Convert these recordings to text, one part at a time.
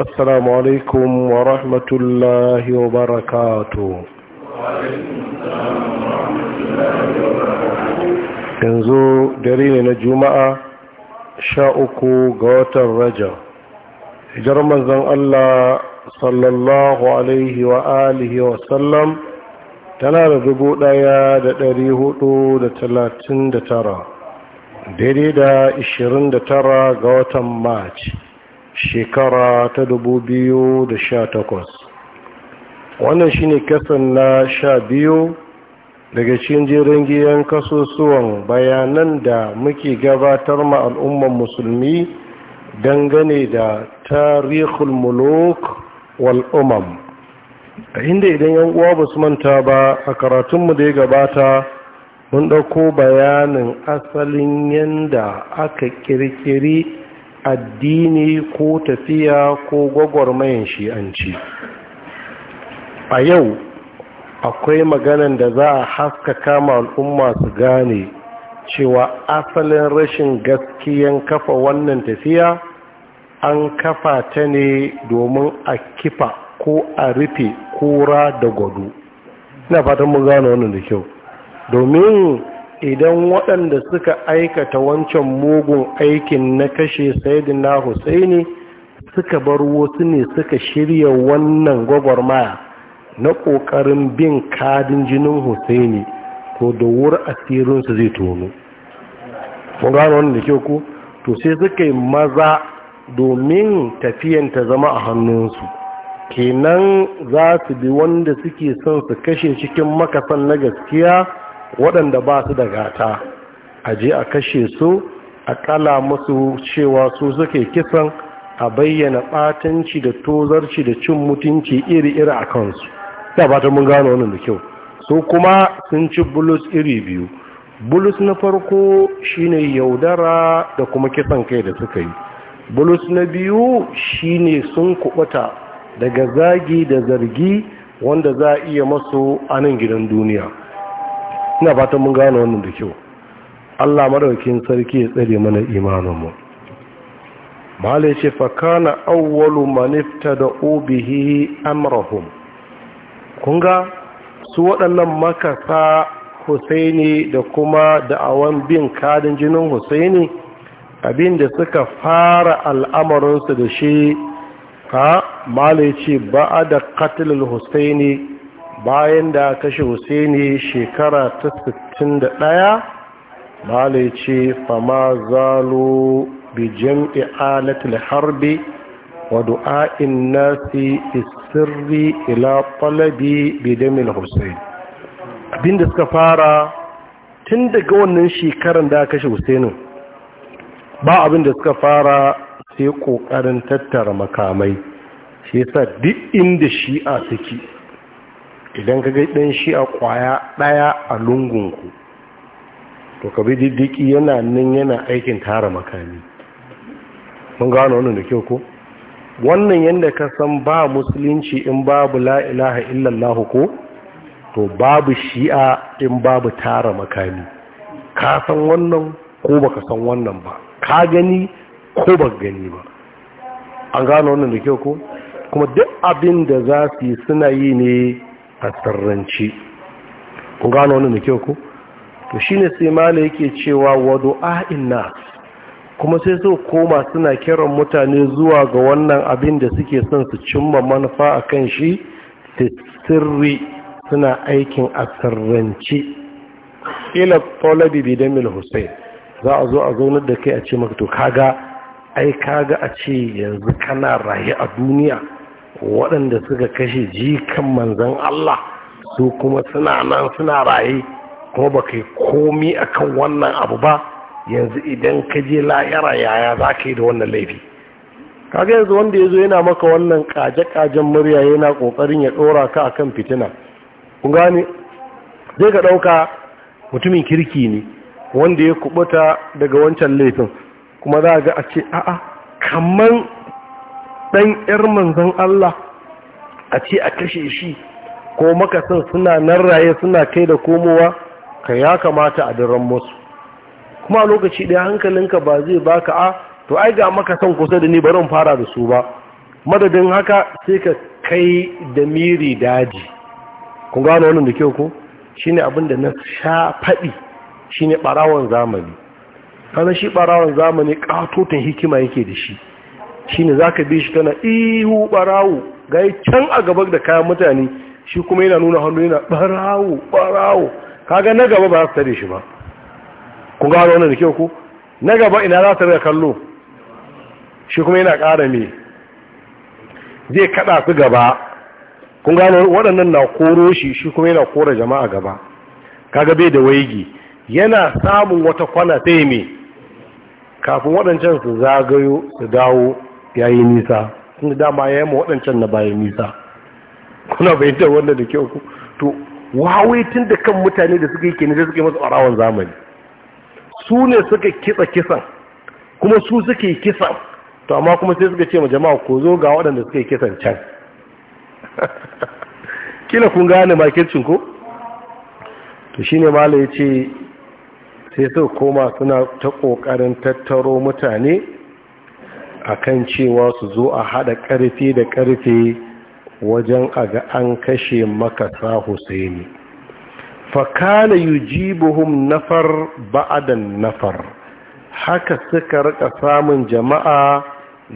السلام wa ورحمة الله وبركاته yanzu dare ne na juma'a sha uku ga watan raja hijar manzon Allah sallallahu alaihi wa alihi tana da dubu ɗaya da dari hudu da talatin da tara daidai da ishirin da tara ga watan maci shekara ta dubu biyu da sha takwas. wannan shine kasan na sha biyu daga cikin jirgin kasusuwan bayanan da muke gabatar ma al'umman musulmi dangane da tarihul muluk wal umam a inda idan yan uwa ba su manta ba a karatunmu da ya gabata mun ɗauko bayanin asalin yadda aka ƙirƙiri. addini ko tafiya ko gwagwarmayan shi'anci a yau akwai maganan da za a haskaka al'umma su gane cewa asalin rashin gaskiyan kafa wannan tafiya an kafa ta ne domin a kifa ko a rufe kura da gwado na fatan mu gano wannan da kyau domin idan waɗanda suka aikata wancan mugun aikin na kashe na husaini suka bar wasu ne suka shirya wannan gwagwarmaya na ƙoƙarin bin kadin jinin husaini to da wuri asirinsu zai tono kun wanda ke ku to sai suka yi maza domin tafiyan ta zama a hannunsu kenan za su bi wanda suke son su kashe cikin makasan na gaskiya waɗanda ba su da gata a je a kashe su a kala musu cewa su suke kisan a bayyana ɓatanci da tozarci da cin mutunci iri-iri a kansu ya ba ta mun gano wannan da kyau su kuma sun ci bulus iri biyu bulus na farko shine yaudara da kuma kisan kai da suka yi bulus na biyu shine sun kubuta daga zagi da zargi wanda za a iya masu anan gidan duniya ina fatan mun gano wannan da kyau Allah madaukakin sarki ya tsare mana imanin mu mala yace fa kana awwalu man iftada bihi amrahum kun ga su waɗannan makasa Husaini da kuma da'awan bin kadin jinin Husaini abinda suka fara al'amarinsu da shi ha mala yace ba'a da qatlul Husaini bayan da kashe husaini shekara ta 61 malai ce fama zalo bi jam'i alatul harbi wa du'a'in nasi isirri ila Falabi, bi damil abinda suka fara tun daga wannan shekaran da kashe husainin ba abinda suka fara sai ƙoƙarin tattara makamai shi yasa duk inda shi'a suke idan ka ga ɗan shi a ƙwaya ɗaya a lungunku to ka bi diddiki yana nan yana aikin tara makami mun gano wannan da kyau ko wannan yadda ka san ba musulunci in babu la'ilaha illallahu ko to babu shi'a in babu tara makami ka san wannan ko baka san wannan ba ka gani ko baka gani ba an gano wannan da kyau ko kuma duk abin da za su yi suna yi ne a tsarranci kun gano wani da ku to shine sai mala yake cewa wado du'a'in kuma sai sau koma suna kiran mutane zuwa ga wannan abin da suke son su cimma manufa a kan shi da sirri suna aikin a sirrance ila talabi mil hussein za a zo a zaunar da kai a ce maka to kaga ai kaga a ce yanzu kana raye a duniya waɗanda suka kashe jikan manzan Allah su kuma suna nan suna raye kuma ba kai komi akan wannan abu ba yanzu idan ka je la'ira yaya za ka yi da wannan laifi kaga yanzu wanda ya zo yana maka wannan kaje-kajen murya yana ƙoƙarin ya ɗora ka akan fitina kun gane zai ka ɗauka mutumin kirki ne wanda ya kubuta daga wancan laifin kuma za ga a ce a'a kamar ɗan ƴar manzan Allah a ce a kashe shi ko makasin suna nan raye suna kai da komowa ka ya kamata a daren musu kuma a lokaci ɗaya hankalinka ba zai baka a to ai ga makasan kusa da ni barin fara da su ba madadin haka sai ka kai da miri daji kun gano wannan da kyau ko shine abin da na sha faɗi shine ɓarawon zamani kana shi ɓarawon zamani ƙatoton hikima yake da shi shine zaka bi shi tana ihu barawo gai can a gaban da kayan mutane shi kuma yana nuna hannu yana barawo barawo kaga na gaba ba za su tare shi ba kun gano wannan da kyau ku? na gaba ina za ta kallo shi kuma yana ƙara me zai kada su gaba kun gano waɗannan na koro shi shi kuma yana kora jama'a gaba kaga bai da waigi yana samun wata kwana yi me kafin waɗancan su zagayo su dawo ya yi nisa da dama ya yi ma waɗancan na bayan nisa kuna bayyantar wanda da kyau to wawai tun da kan mutane da suka yi kenan da suka yi masu ɓarawan zamani su ne suka kitsa kisan kuma su suka yi kisan to amma kuma sai suka ce ma jama'a ko zo ga waɗanda suka yi kisan can kila kun gane makircin ko to shine mala ya ce sai suka koma suna ta ƙoƙarin tattaro mutane akan cewa su zo a haɗa ƙarfe da ƙarfe wajen aga an kashe makasa husaini ji yujibuhum nafar ba'adan nafar haka suka rika samun jama'a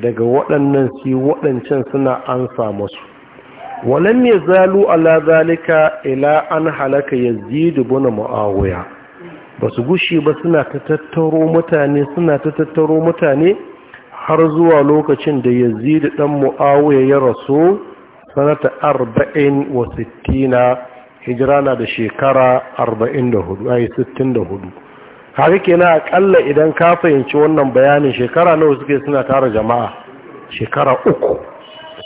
daga waɗannan si waɗancan suna an samu su walam ya zalu ala zalika ila an halaka yazid ibn muawiya ba su gushe ba suna ta tattaro mutane suna ta tattaro mutane har zuwa lokacin da yazidu dan muawiya ya rasu sanata arba'in wa sittina hijira na da shekara sittin da 64 haka kenan akalla idan ka fahimci wannan bayanin shekara nawa suke suna tara jama'a shekara uku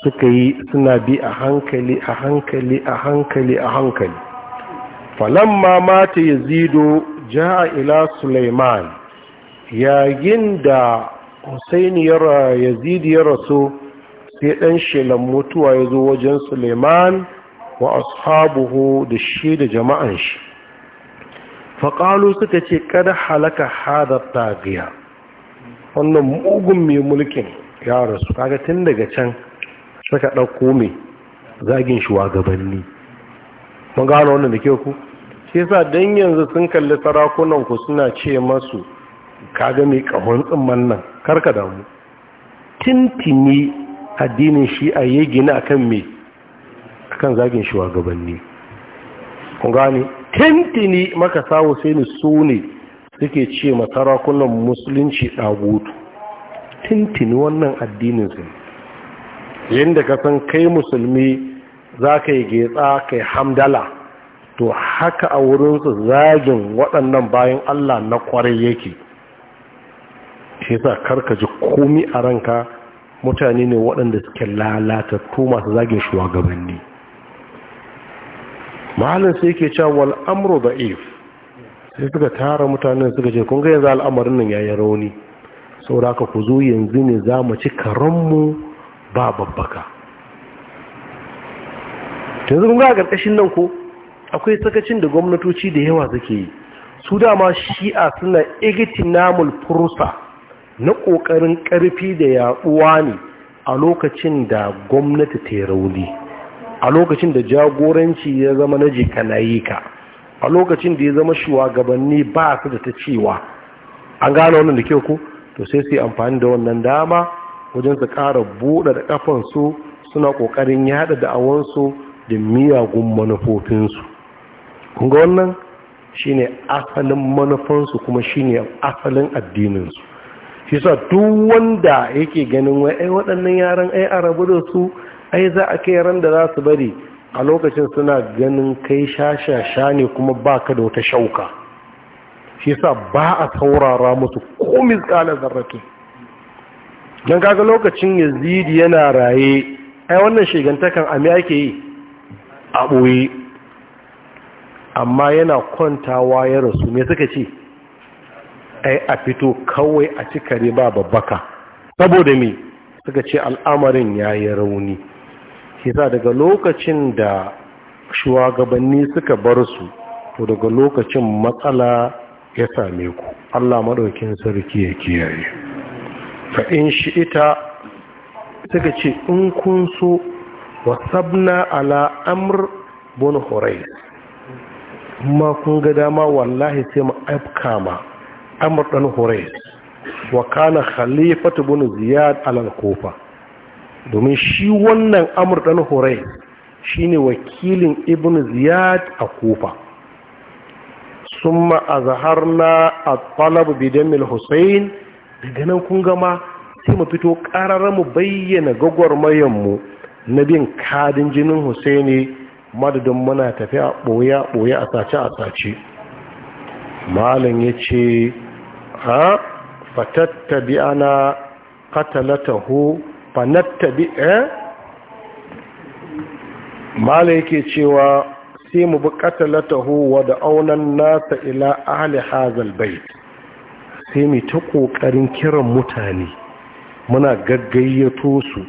suka yi suna bi a hankali a hankali a hankali a hankali falon ma mata zido ja'a ila sulaiman yayin da Hussaini ya yazidi ya rasu sai ɗan shelan mutuwa ya zo wajen suleiman wa ashabuhu da shi da jama'an shi faƙalu suka ce kada halaka hada gaya, wannan mugun mai mulkin ya rasu kaga tun daga can suka ɗauko mai zagin shugabanni mun gano wannan da ke ku shi yasa dan yanzu sun kalli sarakunan ku suna ce masu kaga mai kahon tsimman nan karka damu tintini addinin shi a yi gina mai a kan zagin shugabanni kun gane tintini maka sawo sai ni su ne suke ce masarakunan musulunci ɗagutu tintini wannan addinin su yadda ka san kai musulmi za ka yi getsa ka yi hamdala to haka a wurinsu zagin waɗannan bayan allah na kwarai yake shi yasa karka ji komi a ranka mutane ne waɗanda suke lalata ko masu zagin shugabanni Malam sai yake cewa wal amru da'if sai suka tara mutanen suka ce kun ga yanzu al'amarin nan yayi rauni saboda haka ku zo yanzu ne za mu ci karanmu ba babbaka yanzu kun ga a ƙarƙashin nan ko akwai sakacin da gwamnatoci da yawa suke yi su dama shi'a suna igitinamul fursa na ƙoƙarin ƙarfi da yaɗuwa ne a lokacin da gwamnati ta rauni a lokacin da jagoranci ya zama na jikanayi ka a lokacin da ya zama shugabanni ba su da ta cewa an gane wannan da kyau ko to sai su yi amfani da wannan dama wajen su ƙara buɗe da ƙafansu suna ƙoƙarin yaɗa da'awansu da miyagun manufofinsu kun ga wannan shine asalin manufansu kuma shine asalin addininsu shi sa duk wanda yake ganin wai waɗannan yaran ai a rabu da su ai za a kai ran da za su bari a lokacin suna ganin kai shashasha ne kuma ba ka da wata shauka shi sa ba a taurara musu komi tsala zarrake don kaga lokacin yazidi yana raye ai wannan shigantakan a miya ake yi a ɓoye amma yana kwantawa ya rasu me suka ce ai a fito kawai a cikare ba babbaka saboda me suka ce al'amarin ya yi rauni kisa daga lokacin da shugabanni suka bar su to daga lokacin matsala ya same ku Allah maɗaukin sarki ya kiyaye fa in shi ita suka ce in kun so wasabna ala amr bin hurais ma kun ga dama wallahi sai mu afka ma amur ɗan hurais wa kana khalifatu bin ziyad alal kufa domin shi wannan amr ɗan hurais shine wakilin ibn ziyad a kufa summa azharna at-talab bi dam al-husayn daga nan kun gama sai mu fito ƙarar mu bayyana gwagwarmayan mu na bin kadin jinin husaini madadin muna tafiya ɓoya-ɓoya a sace a sace malam ya ce ha fatattabi ana katalatahu fanattabi eh mala yake cewa sai mu bi katalatahu wa da aunan nasa ila ahli hazal bait sai mu ta kokarin kiran mutane muna gaggayyato su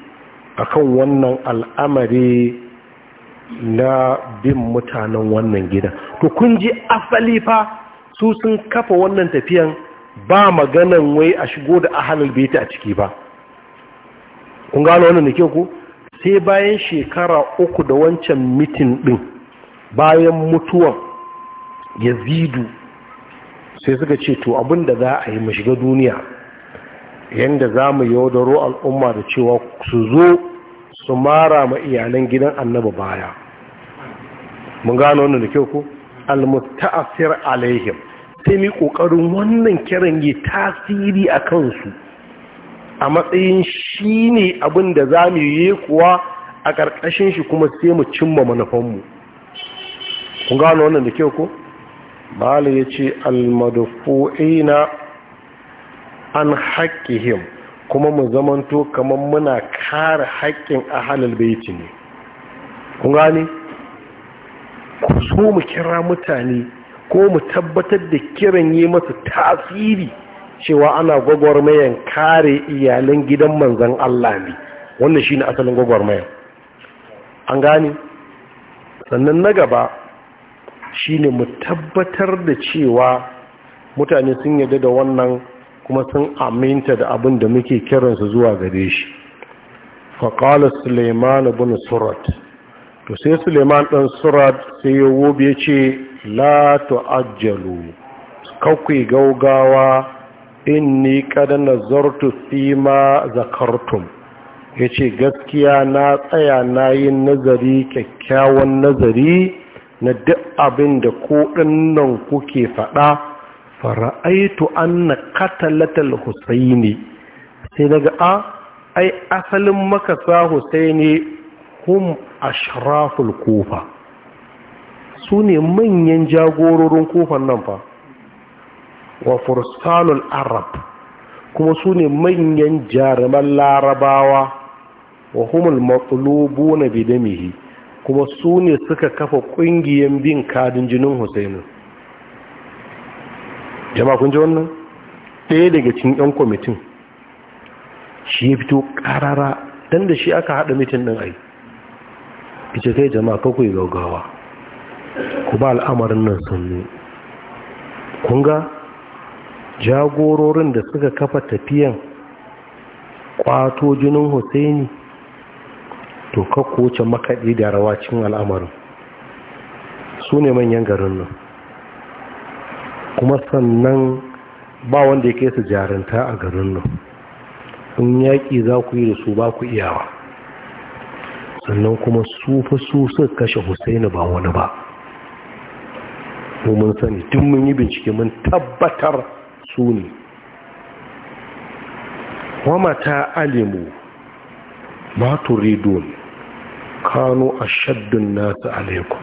akan wannan al'amari na bin mutanen wannan gida to kun ji asali fa su sun kafa wannan tafiyan ba maganan wai a shigo da ahalin beti a ciki ba kun gano wannan da ku sai bayan shekara uku da wancan mitin din bayan mutuwan yazidu sai suka ce to abinda za a yi mu shiga duniya yadda za mu yaudaro al'umma da cewa su zo su mara ma iyalan gidan annaba baya mun gano wannan da kyau ku al alaihim sai mai ƙoƙarin wannan kiran ya tasiri a kansu a matsayin shi ne abin da za mu yi kuwa a ƙarƙashin shi kuma sai mu cimma manufanmu kun gano wannan da kyau ko? bala ya ce na an haƙƙihim kuma mu zamanto kamar muna kare haƙƙin a halal baiti ne kun gane ku so mu kira mutane ko mu tabbatar da kiran yi masa tasiri cewa ana gwagwarmayan kare iyalan gidan manzan Allah ne wannan shine asalin gwagwarmayan an gane sannan na gaba shine mu tabbatar da cewa mutane sun yarda da wannan kuma sun aminta da abin da muke kiransu zuwa gare shi faƙala suleiman bin surat to sai suleiman ɗan surat sai ya wobe ce la tu'ajjalu kakwai gaugawa ni kada nazartu fima zakartum yace gaskiya na tsaya na yi nazari kyakkyawan nazari na duk abin da ko dinnan kuke faɗa fara'aitu anna katalatal husaini sai daga a ah, ai asalin makasa husaini hum ashraful kufa su ne manyan jagororin kofar nan fa wa fursalul arab kuma su ne manyan jaruman larabawa wa humul matsalobo na bidamihi kuma su ne suka kafa ƙungiyar bin kadin jinin Husaini, jama'a kun ji wannan ɗaya daga cikin 'yan kwamitin shi ya fito ƙarara don da shi aka haɗa mitin ɗin ai ita kai jama'a kakwai gaugawa ku ba al'amarin nan sannu kunga jagororin da suka kafa tafiyan kwato jinin Hussaini to kakko makaɗi da cikin al'amarin su ne manyan garin nan kuma sannan ba wanda ya kesa jarinta a garin nan in yaƙi za ku yi da su ba ku iyawa sannan kuma su fa su suka kashe Hussaini ba wani ba mu mun sani tun mun yi bincike mun tabbatar su ne wamata alimu ma turidun kano a shaddun nasu alaiku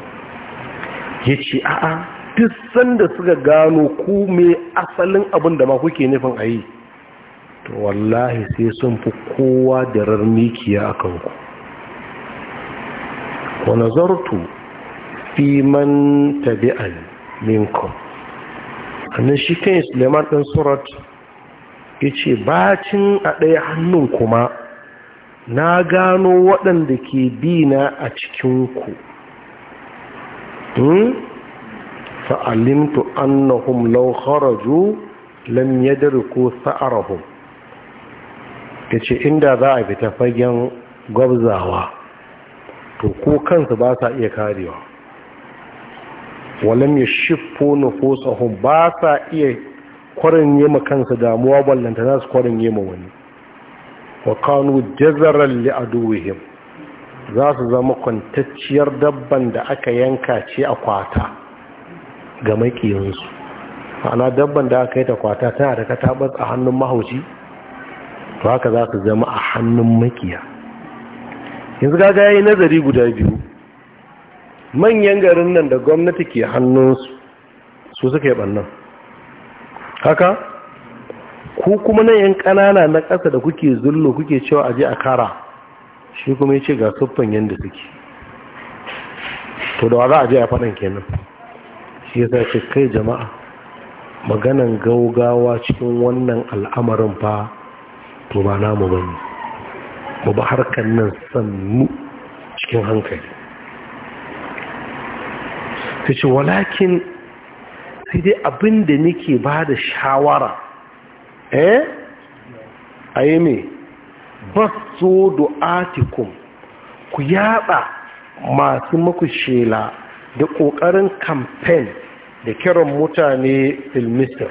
ya ce a'a duk sanda suka gano ku mai asalin abin da ma kuke nufin a yi to wallahi sai sun fi kowa da rarmikiya a kanku wa nazartu fi man tabi'ani minkum annan shi kan suleiman ɗan surat ya ce bacin a ɗaya hannun kuma na gano waɗanda ke bi na a cikinku hmm? fa'alimtu annahum law kharaju lam yadriku sa'arahum yace inda za a fita fagen gwabzawa to ko kansu ba sa iya karewa walam ya shifo nufusahum ba sa iya kwarin yi kansa damuwa ballanta za su kwarin ma wani wa kanu jazarar li za su zama kwantacciyar dabban da aka yanka ce a kwata ga makiyansu ana dabban da aka yi ta kwata tana da katabar a hannun mahauci to haka za su zama a hannun makiya yanzu gaga ya yi nazari guda biyu manyan garin nan da gwamnati ke hannunsu su suka yi ɓannan haka ku kuma na yan ƙanana na ƙasa da kuke zullo kuke cewa aje a kara shi kuma ya ce ga siffan yadda suke to da wa za a je a faɗan kenan shi ya sa ce kai jama'a maganan gaugawa cikin wannan al'amarin fa to ba namu bane mu ba harkar nan sannu cikin hankali Ka ce walakin sai dai abin da nake ba da shawara eh a yi mai basu du'atikum ku yada masu maku shela da ƙoƙarin kamfen da kiran mutane filmistar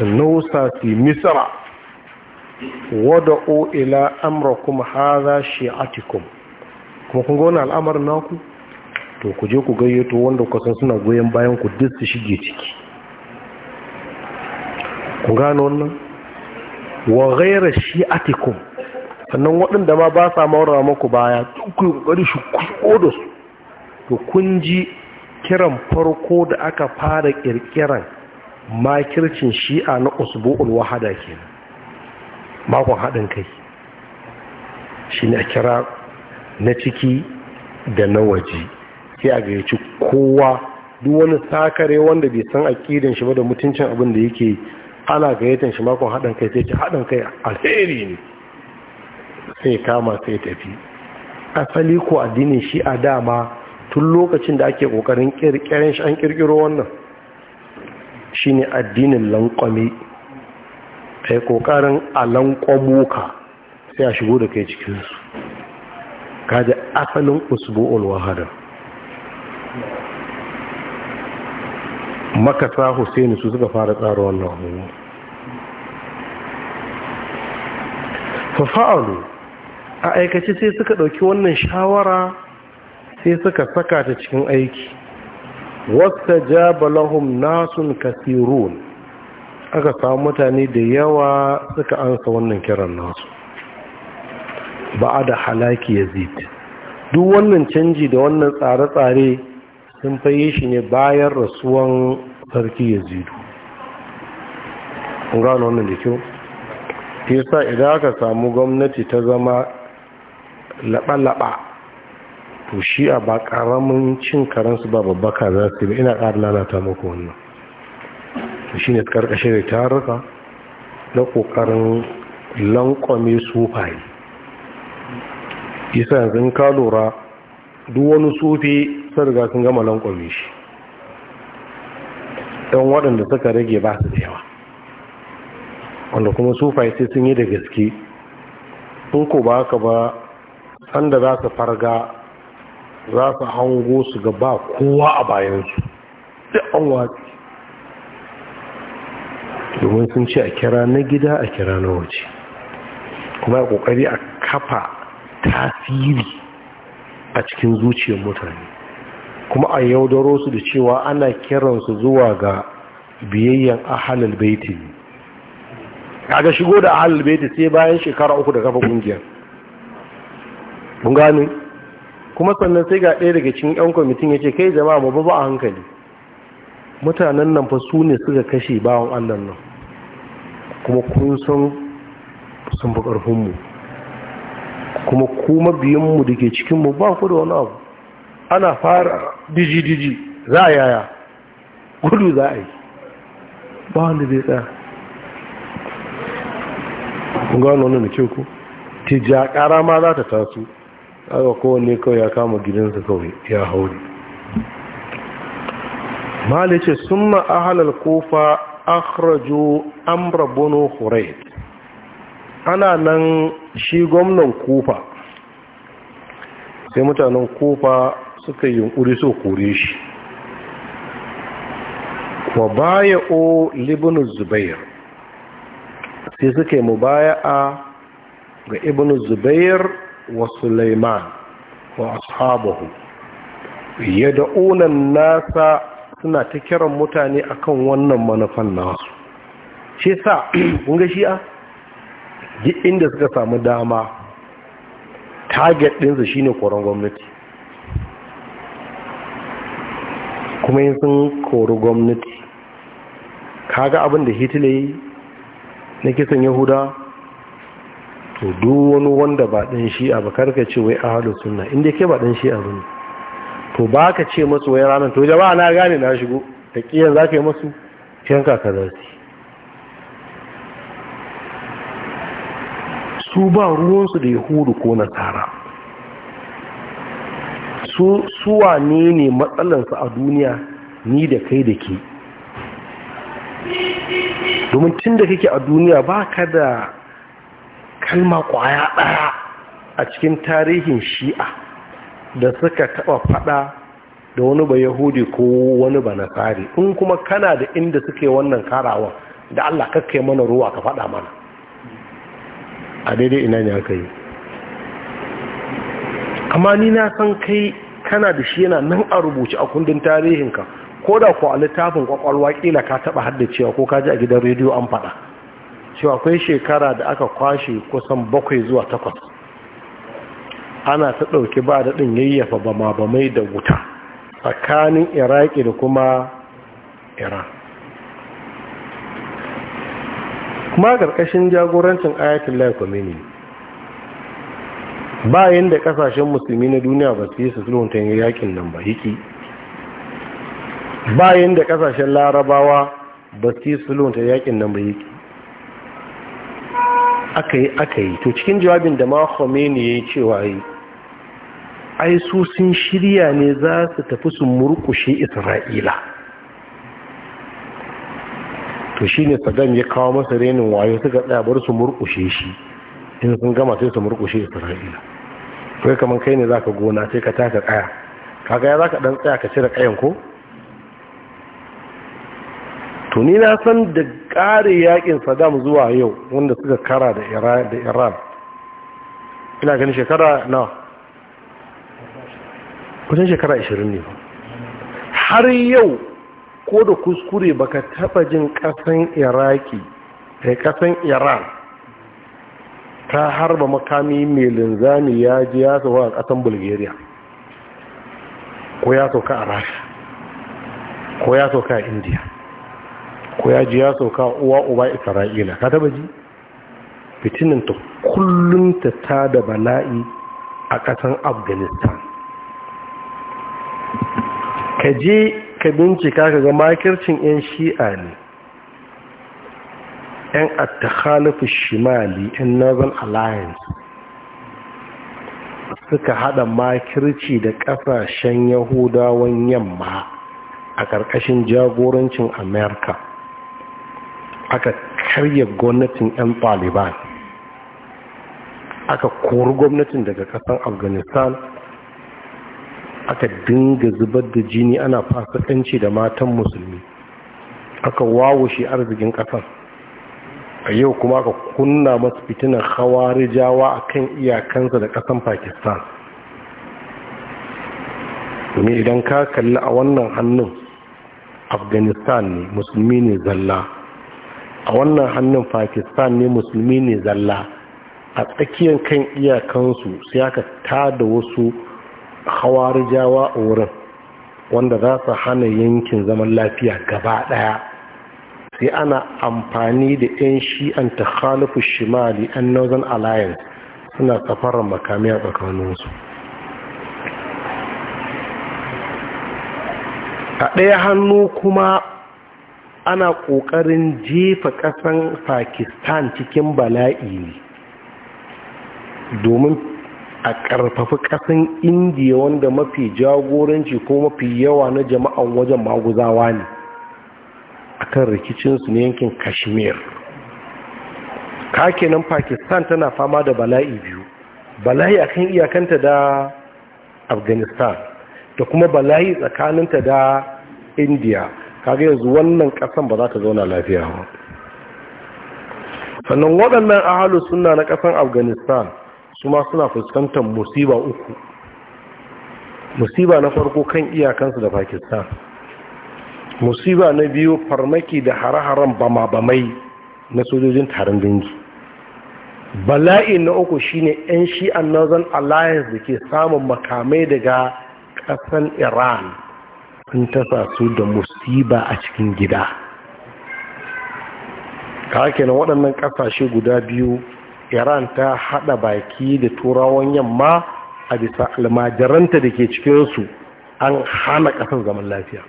nausa fi misra oila ila kuma haza shi'atikun kuma kun gona al'amarin naku to ku je ku gayyato wanda kusan suna goyon bayan ku duk su shige ciki ku gano wannan wa ghayra shi'atikum sannan waɗanda ma ba sa maura maku baya duk ku kokari shi ku da to kun ji kiran farko da aka fara kirkiran makircin shi'a na usbu'ul wahada kenan makon haɗin kai shi ne a kira na ciki da na waje sai a gayyaci kowa duk wani sakare wanda bai san aƙidan shi ba da mutuncin abin da yake ana gayyatan shi makon haɗin kai sai ce haɗin kai alheri ne sai kama sai tafi asali ko addinin shi a dama tun lokacin da ake ƙoƙarin ƙirƙirin shi an ƙirƙiro wannan shine addinin lankwame kai ƙoƙarin a lankwamo ka sai a shigo da kai cikinsu kaji asalin usbu'ul wahadar makasa husaini su suka fara tsara wannan hannu. fafa'alu a aikace sai suka ɗauki wannan shawara sai suka saka ta cikin aiki ja balahun nasun kasirun aka samu mutane da yawa suka ansa wannan kiran nasu ba a da halaki yazid duk wannan canji da wannan tsare-tsare sun faye shi ne bayan rasuwan sarki yazidu kun gano wannan da kyau ke sa idan aka samu gwamnati ta zama laɓa-laɓa to shi a ba ƙaramin cin karansu ba ka za su ina ƙara lalata maka wannan to shi ne ƙarƙashe da taruka na ƙoƙarin lankwame sufaye isa yanzu ka lura duk wani sufi sun riga sun gama lankwame shi don waɗanda suka rage ba su da yawa wanda kuma sufai sai sun yi da gaske in ko ba ka ba sanda za su farga za su hango su ga ba kowa a bayansu sai an watsi domin sun ce a kira na gida a kira na waje kuma ya ƙoƙari, a kafa tasiri a cikin zuciyar mutane kuma a yaudaro su da cewa ana kiransu zuwa ga biyayyen ahalal baiti kaga shigo da ahalal baiti sai bayan shekara uku da kafa kungiyar kun kuma sannan sai ga ɗaya daga cikin yan kwamitin ya ce kai jama'a mu babu a hankali mutanen nan fa su ne suka kashe bawan allah nan kuma kun san sun fi ƙarfinmu kuma kuma biyanmu da ke cikinmu ba ku da wani abu ana fara diji-diji za a yaya gudu za a yi ba wanda zai tsaya gano wani da ku tija kara ma za ta taso aka kowane kawai ya kama gidansa kawai ya haure malice sun ma'ahalar kofa akhrajo amra bono horaid ana nan shi gwamnan kofa sai mutanen kofa suka yi yunkuri so kore shi wa baya o libin zubair sai suka yi mu baya a ga ibin zubair wa Suleiman wa ashabahu ya yada'unan nasa suna ta kiran mutane akan wannan manufan nasu shi sa kunga shi'a duk inda suka samu dama target ɗinsu shine koron gwamnati kuma yin sun kori gwamnati kaga abin da hitler yi na kisan yahuda to duk wani wanda ba ɗan shi'a ba ka ce wai ahalu sunna inda ke ba ɗan a zuni to ba ka ce masu wai ranar to jama'a na gane na shigo da kiyan za ka yi masu kyan ka za su su ba ruwansu da yahudu ko nasara su suwa ne ne matsalansu a duniya ni da kai da ke domin tun da kake a duniya ba ka da kalma kwaya ɗaya a cikin tarihin shi'a da suka taɓa faɗa da wani ba yahudi ko wani ba nasari in kuma kana da inda suke wannan karawa da allah kai mana ruwa ka faɗa mana a daidai ina ne aka yi amma ni na san kai kana da shi yana nan a rubuce a kundin tarihinka ko da ku a littafin kwakwalwa kila ka taba haddacewa ko ka ji a gidan rediyo an faɗa cewa akwai shekara da aka kwashe kusan bakwai zuwa takwas ana ta ɗauki ba din yayyafa bama bamai da wuta tsakanin iraki da kuma iran kuma ƙarƙashin jagorancin ayatollah kwamini ba yanda ƙasashen musulmi na duniya ba su yi su sulhunta yakin nan ba hiki ba yanda ƙasashen larabawa ba su yi sulhunta yakin nan ba hiki aka yi aka yi to cikin jawabin da ma ne ya yi cewa yi ai su sun shirya ne za su tafi su murkushe isra'ila to shine Sadan ya kawo masa renin wayo suka tsaya bar su murkushe shi in sun gama sai su murkushe isra'ila kai kamar kai ne zaka gona sai ka taka kaya kaga ya zaka dan tsaya ka cire kayan ko to ni na san da kare yakin sadam zuwa yau wanda suka kara da iran ina ganin shekara na kusan shekara 20 ne har yau ko da kuskure baka taba jin kasan iraki da eh, kasan iran ta harba makami mai linzami ya ji ya sauka a kasan bulgaria ko ya sauka a rasha ko ya sauka a india ko ya ji ya sauka uwa uba isra'ila ka taba ji fitinin ta kullum ta ta da bala'i a kasan afghanistan ka je ka bincika ka ga makircin 'yan shi'a ne 'yan attakhalifu shimali 'yan northern alliance suka hada makirci da kasashen yahudawan yamma a ƙarƙashin jagorancin amerika aka karya gwamnatin 'yan taliban aka kori gwamnatin daga ƙasar afghanistan aka dinga zubar da jini ana fasikanci da matan musulmi aka wawushe arzikin ƙasan, a yau kuma aka kunna masu fitinan jawa a kan iyakansa da ƙasan pakistan ne idan ka kalli a wannan hannun afghanistan ne musulmi ne zalla a wannan hannun pakistan ne musulmi ne zalla a tsakiyar kan iyakansu sai aka tada wasu hawarijawa a wurin wanda za su hana yankin zaman lafiya gaba ɗaya sai ana amfani da 'yan shi'an ta khalifu shimali an northern alliance suna safarar makami a tsakaninsu a ɗaya hannu kuma ana ƙoƙarin jefa ƙasan pakistan cikin bala'i ne domin a ƙarfafi ƙasan indiya wanda mafi jagoranci ko mafi yawa na jama'an wajen maguzawa ne a kan rikicinsu na yankin kashmir kakenan pakistan tana fama da bala'i biyu bala'i a kan iyakanta da afghanistan da kuma bala'i tsakaninta da indiya kaga yanzu wannan ƙasan ba za ta zauna lafiya ba sannan waɗannan ahalu suna na ƙasan afghanistan su suna fuskantar musiba uku musiba na farko kan iyakansu da pakistan musiba na biyu farmaki da hare-haren bama-bamai na sojojin tarin dangi bala'i na uku shine 'yan shi'an northern alliance da ke samun makamai daga ƙasan iran sun tasa su da musiba a cikin gida ka na waɗannan ƙasashe guda biyu iran ta hada baki da turawan yamma a bisa almajiranta da ke cikinsu an hana kasar zaman lafiya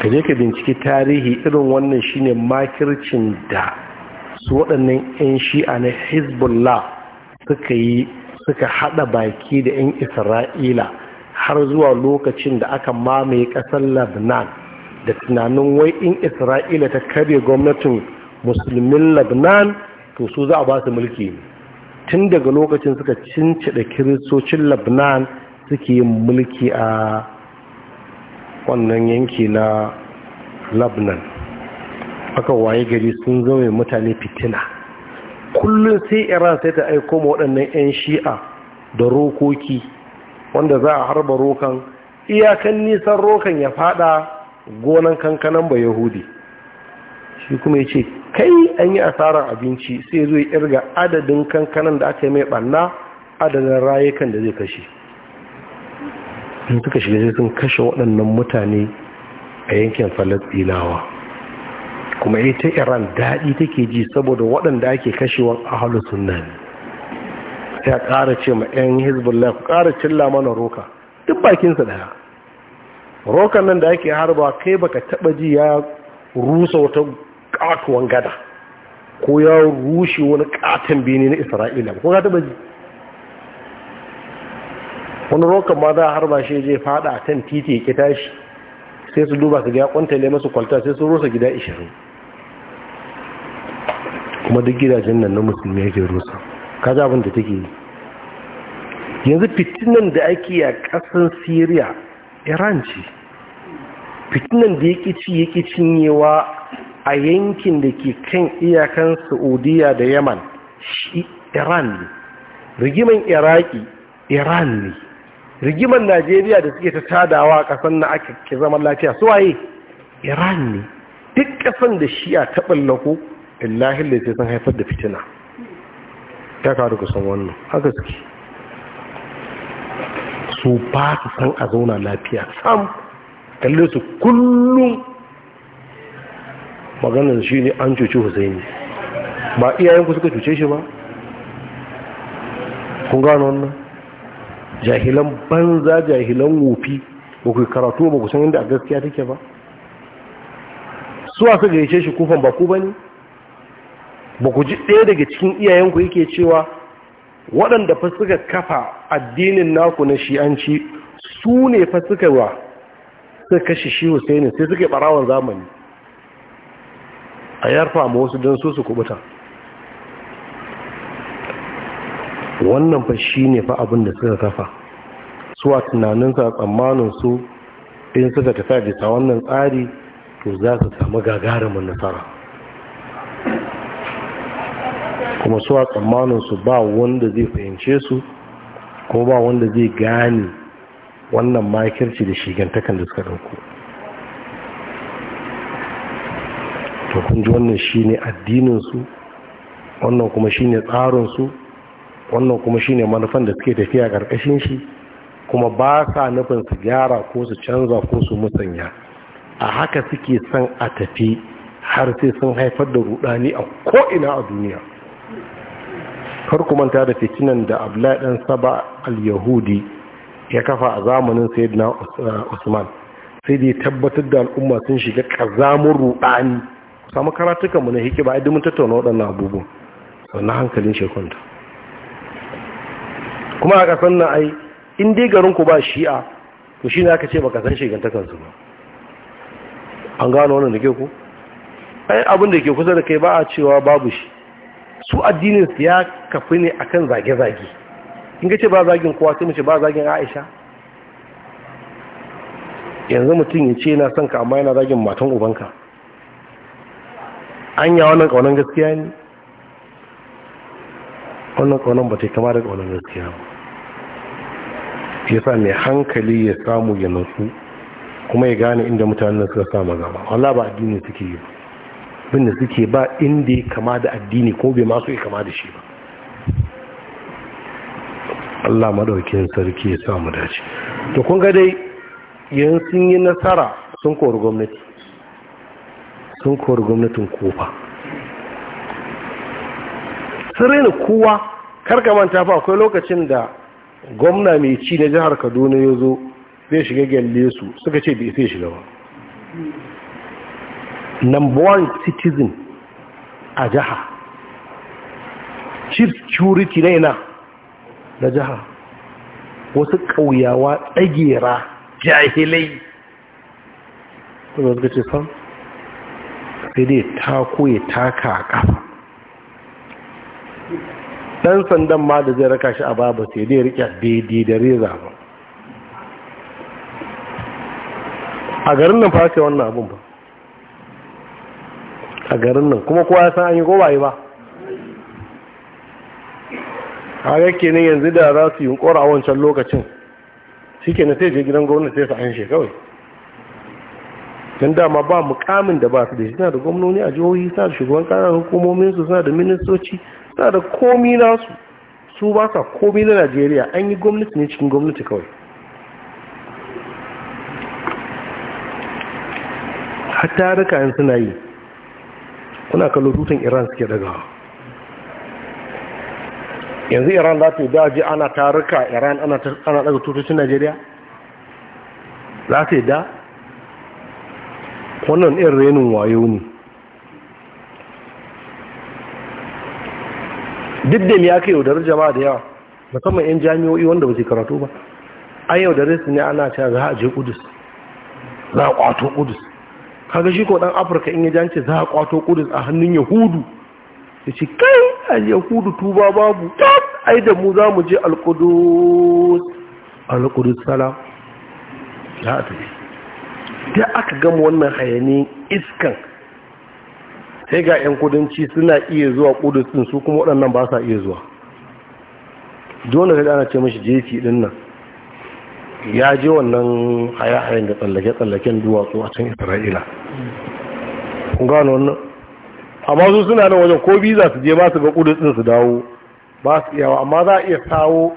ka je ka binciki tarihi irin wannan shine makircin da su waɗannan 'yan shi'a na hezbollah suka yi suka hada baki da 'yan isra'ila har zuwa lokacin da aka mamaye ƙasar Labnan da tunanin wai in isra'ila ta karye gwamnatin musulmin lagnan to su za a ba su mulki tun daga lokacin suka cincida kiristocin lagnan suke yin mulki a wannan yanki na labnan aka waye gari sun zama mutane fitina kullum sai iran sai ta aiko ma waɗannan 'yan shi'a da rokoki wanda za a harba rokan iyakan nisan rokan ya fada gonan kankanan ba yahudi shi kuma ya ce kai an yi asarar abinci sai zai irga adadin kankanan da aka yi mai ɓanna adadin rayukan da zai kashe in suka shiga sai sun kashe waɗannan mutane a yankin falastinawa kuma ita iran daɗi take ji saboda waɗanda ake kashewan a halin sunna a ƙara ce ma 'yan hezbollah ku ƙara cilla mana roka duk bakinsa ɗaya rokan nan da ake harba kai baka taɓa ji ya rusa wata katuwan gada ko ya rushe wani katon bene na isra'ila ko ga taba ji wani rokan ma za a harba shi je fada a kan titi ya kita shi sai su duba su ga kwantale masu kwalta sai su rusa gida 20 kuma duk gidajen nan na musulmi yake rusa kaji abin da take yi yanzu fitinan da ake a ƙasar syria iran ce fitinan da ya ƙici ya ƙi cinyewa a yankin da ke kan iyakan saudiya da yaman shi iran ne rigiman iraki iran ne rigiman najeriya da suke ta tadawa a kasan na ake ke zaman lafiya su waye iran ne duk kasan da shi'a ta ballako illahin da sun haifar da fitina ta karu kusan wannan haka suke su ba su san a zauna lafiya sam ƙalle su kullum maganar shi ne an cuci husaini ba iyayenku suka cuce shi ba kun gano wannan jahilan banza jahilan wofi ba ku karatu ba ku san inda a gaskiya take ba suwa suka gaishe shi kufan ba ku ba ne ba ku ji ɗaya daga cikin iyayenku yake cewa waɗanda fa suka kafa addinin naku na shi'anci su ne fa suka wa suka kashe shi husaini sai suka yi ɓarawon zamani a yarfa ma wasu don su su kubuta wannan fa shi ne fa abin da suka kafa su a tunaninsa tsammanin su in suka tafi bisa wannan tsari to za su samu gagarumin nasara kuma su a tsammanin su ba wanda zai fahimce su ko ba wanda zai gane wannan makirci da shigantakan da suka ɗauko to kun ji wannan shine addinin su wannan kuma shine tsarin su wannan kuma shine manufan da suke tafiya karkashin shi kuma ba sa nufin su gyara ko su canza ko su musanya a haka suke son a tafi har sai sun haifar da rudani a ko'ina a duniya kar ku manta da fitinan da abdullahi dan saba al-yahudi ya kafa a zamanin sayyidina usman sai da ya tabbatar da al'umma sun shiga kazamun rudani samu karatukanmu na hikima ai mun tattauna waɗannan abubuwan sannan hankalin shekunta kuma a ƙasar na ai in dai garinku ba shi'a to shi ne aka ce baka san su ba an gano wannan da ke ku ai abin da ke kusa da kai ba a cewa babu shi su addinin ya kafi ne akan zage-zage in ka ce ba zagin kowa sai mace ba zagin aisha yanzu mutum ya ce yana son ka amma yana zagin matan ubanka an wannan kaunan gaskiya ne wannan kaunan ba ta kama da kaunan gaskiya ba ya sa mai hankali ya samu ya nasu kuma ya gane inda mutanen suka samu gaba wala ba addini suke yi ba abinda suke ba inda ya kama da addini ko bai masu ya kama da shi ba Allah madaukin sarki ya samu dace to kun ga dai yin sun yi nasara sun kori gwamnati sun kori gwamnatin kofa sun raina kowa karka manta fa akwai lokacin da gwamna mai ci na jihar kaduna ya zo zai shiga gyalle su suka ce bai sai shiga ba number one citizen a jiha chief security na ina na jiha wasu ƙauyawa tsagera jahilai suka ce sam sai dai tako taka a kafa ɗan sandan ma da zai raka shi a babu sai dai rike daidai da reza ba a garin nan fashe wannan abin ba a garin nan kuma kowa ya san an yi gowaye ba a yake ne yanzu da za su yi a wancan lokacin shi ke na sai je gidan gwamnati sai su an shekawai don dama ba mukamin da ba su da shi suna da gwamnoni a jihohi suna da shugaban kanar hukumomin su suna da ministoci suna da komi nasu su ba sa komi na najeriya an yi gwamnati ne cikin gwamnati kawai hatta rika yin suna yi kuna kallo tutun iran suke dagawa yanzu iran za ta yi daji ana taruka iran ana daga tutocin najeriya za ta yi da wannan ɗin renin wayo ne duk da ne aka yaudarar jama'a da yawa musamman 'yan jami'o'i wanda ba su karatu ba an yaudarar su ne ana ce za a je kudus za a kwato kudus kaga shi ko dan afirka in ya jance za a kwato kudus a hannun yahudu ya ce kai a yahudu tuba babu ai da mu za mu je alkudus alkudus salam za a tafi da aka gama wannan hayaniyin iskan sai ga 'yan kudanci suna iya zuwa kudusin su kuma waɗannan ba sa iya zuwa dole ta ana ce mashi jefi din nan ya je wannan haya-hayan da tsallake-tsallaken duwatsu a can isra'ila gano wannan amma su suna nan wajen ko biza su je ba su ga kudusin su dawo ba su iyawa amma za a iya kawo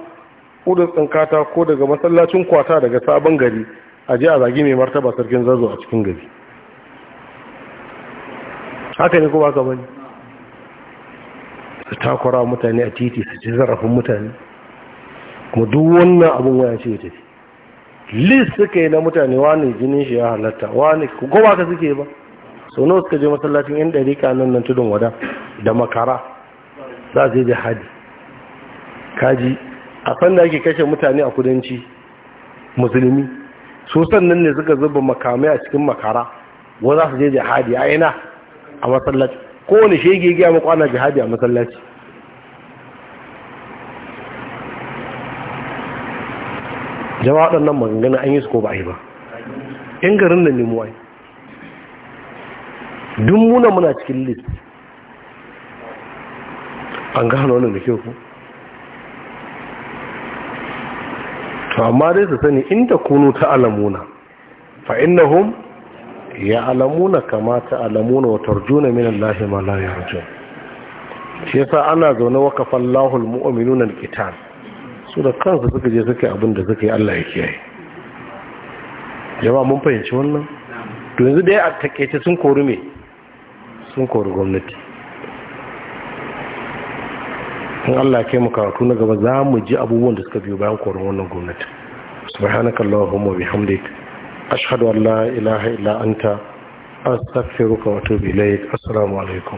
kudusin kata ko daga masallacin kwata daga sabon gari a ji a zagi mai martaba sarkin zazo a cikin gari haka ne kuma ka bane su takura mutane a titi su ci zarafin mutane kuma duk wannan abin waya ce tafi list suka yi na mutane wani jinin shi ya halatta wani goma ka suke ba sau nawa suka je masallacin yan ɗarika nan nan tudun wada da makara za su yi hadi kaji a sanda ake kashe mutane a kudanci musulmi su sannan ne suka zuba makamai a cikin makara wa za su je jihadi a ina a masallaci kowane shege giya muku ana jihadi a masallaci jama'a waɗannan maganganu an yi su ko ba yi ba yan garin da nemo ai dun muna muna cikin list an gano wani da kyau ku to amma dai su sani inda kunu ta alamuna fa innahum ya alamuna kama ta alamuna wa tarjuna min Allah ma la yarjun shi yasa ana zaune waqafa Allahu almu'minuna alqital su da kansu suka je suke abin da suke Allah ya kiyaye jama'a mun fahimci wannan to yanzu dai a takeice sun kori me sun kori gwamnati in Allah kai mu karatu na gaba za mu ji abubuwan da suka biyu bayan koron wannan gwamnati subhanaka allahumma bihamdik ashhadu an la ilaha illa anta astaghfiruka wa atubu ilaik assalamu alaikum